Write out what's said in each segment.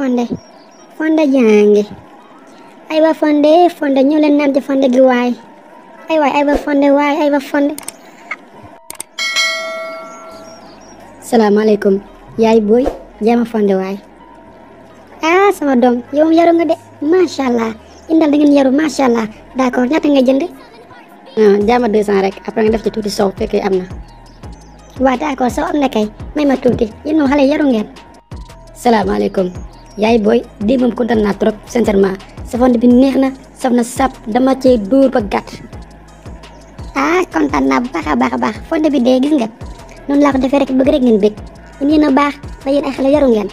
fonde fonde jàngi aywa fonde fonde ñëw naan ci fonde gi waay ay waay aywa fonde waay aywa fonde salaamaaleykum yaay booy jéem a fonde waay ah sama doom yaru nga de macha allah indal da ngeen yaru macha allah d'accord ñaata nga ah, nga def tuuti sow fekkee am na waaw d'accord sow am na kay may tuuti yéen moom xale yaru ngeen salaamaaleykum yaay booy démb moom kontaan naa trop sincèrement safante bi neex na saf na sap dama cee dóor ba gàtt. ah kontaan naa bu baax a baax a baax fonde bi dee gis nga noonu laa ko defee rek bëgg rek ngeen bëgg yéen a baax ba yéen ay xale yaru ngeen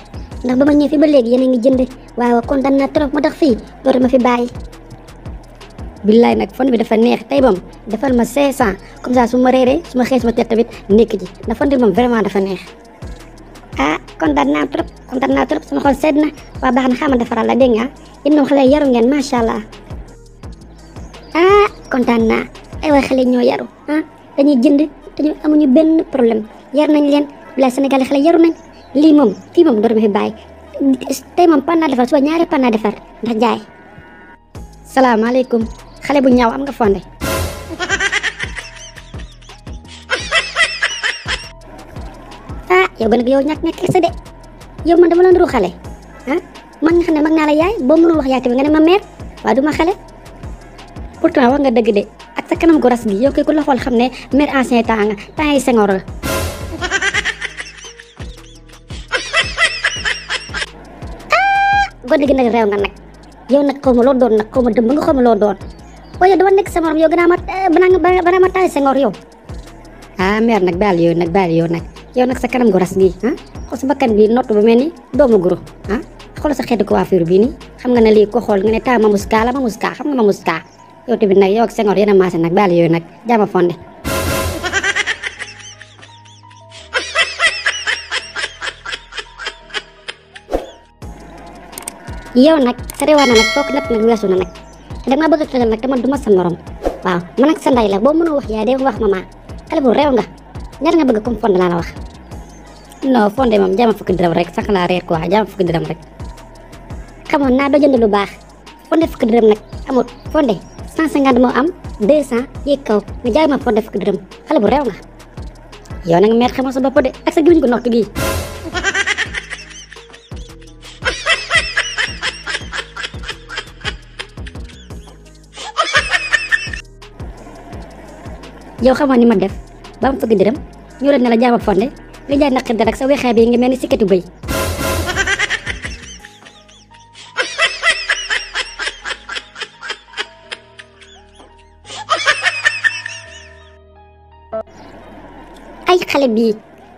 ba ma ñëw fii ba léegi yéen a ngi jënd waaw kontaan naa fii dootu ma fi bàyyi. billaay nag fonde bi dafa neex tey moom defal ma 500 comme ça su ma reeree su ma xëy su tamit nekk ji ndax fonde vraiment dafa neex ah kontaan naa trop. kontaan naa trop sama xol sedd na waa baax na xaamal defaral la dégg nga yéen moom xale yaru ngeen macha allah ah xale ñoo yaru ah dañuy jënd te amuñu benn problème yar nañ leen bilaay Sénégal xale yaru nañ lii moom fii moom dootu ma fi bàyyi defar suba ñaari pan naa defar ndax jaay. salaamaaleykum xale bu ñaaw am nga fonde. ah yow ba nag yow ñàkk nekk sa de. yow man dama la nduru xale ah man nga xam ne mag naa la yaay boo wax yaay tamit nga ne ma mère waaye du ma xale pourtant wax nga dëgg de ak sa kanam gu ras gi yow kay ku la xam ne mère ancien temps nga temps yi Senghor la gone gi nag réew nga doon nag xaw ma dëmb doon waaye dama nekk sa morom yow gën a ma eh, banaa banaa ma taay Senghor yow ah mère nag baal yow nag baal yow nag yow nag sa kanam gu ras gii ah xool sa bakkan bii nott bu mel ni doomu guro ah xool sa xeetu coiffure bii nii xam nga ne lii ko xool nga ne taa Mamouz Ka la yow nag yow ak a maase nag baal nag jaama fonde yow nag sa réewaan na nag foog natt nag weesu na nag dama a nag sa morom waaw man wax yaay de wax mama xale bu réew nga ñaata nga bëgg comme fonde laa la wax non fonde moom jaama fukki rek sànq naa reer quoi jaama fukki dërëm rek xamoon naa doo jënd lu baax fonde fukki dërëm nag amul fonde 150 moo am 200 yéeg kaw nga jaay fonde fukki dërëm xale bu réew nga yow nag meer xamoo sa bopp de ak sa gimiñ ko nokk ba am fëgg ndërëm ñu leen ne la jaam fonde nga jaay naqit dara ak sa weexaay bi nga mel ni sikkatu ay xale bii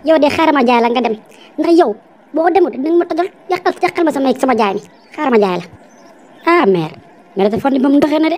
yow de xaaral jaay la nga dem ndax yow boo de dinañ ma tojal yàqal yàqal ma sama sama jaay mi xaaral jaay la ah mère mère fonde moom ndoxee na de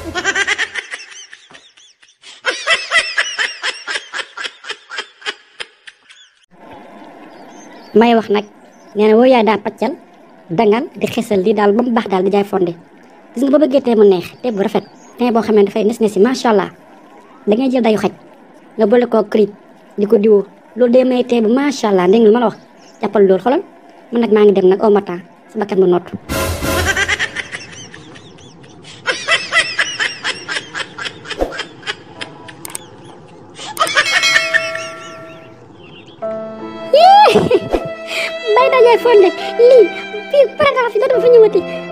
may wax nag nee na daan yaay daa paccal dangal di xesal lii daal ba mu daal di jaay fonde gis nga ba bëggee tee mu neex te bu rafet tee boo xamee dafay nes nesi macha allah da ngay jël dayu xaj nga boole koo crit di ko diwoo loolu de may tee bu macha allah dégg nga lu ma la wax jàppal loolu xolal man nag maa ngi dem nag au matin sa bakkan bu dañuy fonde lii fii paragraphe yi dootu fa ñëwati